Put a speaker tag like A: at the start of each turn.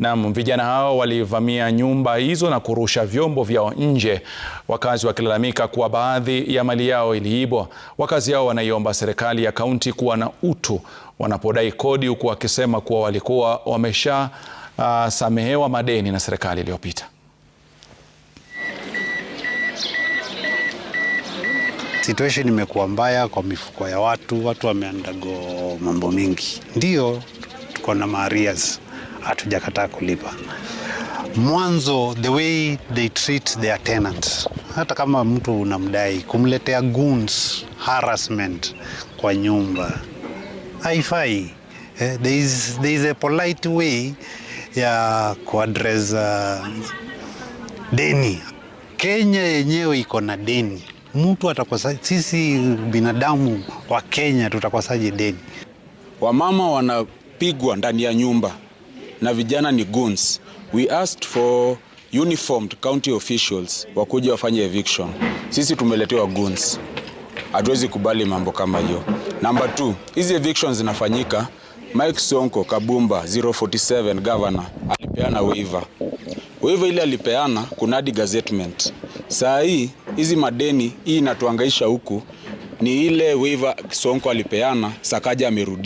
A: Naam, vijana hao walivamia nyumba hizo na kurusha vyombo vyao nje, wakazi wakilalamika kuwa baadhi ya mali yao iliibwa. Wakazi hao wanaiomba serikali ya kaunti kuwa na utu wanapodai kodi, huku wakisema kuwa walikuwa wameshasamehewa uh, madeni na serikali iliyopita.
B: Situation imekuwa mbaya kwa mifuko ya watu, watu wameandago mambo mingi, ndio tuko na maarias hatujakataa kulipa. Mwanzo the way they treat their tenants, hata kama mtu unamdai, kumletea goons harassment kwa nyumba haifai. Eh, there is, there is a polite way ya kuadresa deni. Kenya yenyewe iko na deni mtu atakosa, sisi binadamu wa Kenya tutakosaje deni?
C: Wamama wanapigwa ndani ya nyumba na vijana ni goons. We asked for uniformed county officials wakuja wafanye eviction. Sisi tumeletewa goons. Hatuwezi kubali mambo kama hiyo. Number two, hizi evictions zinafanyika Mike Sonko Kabumba 047 governor alipeana waiver. Waiver ile alipeana kuna kunadi gazettement. Saa hii hizi madeni hii inatuangaisha huku ni ile waiver Sonko alipeana Sakaja amerudisha.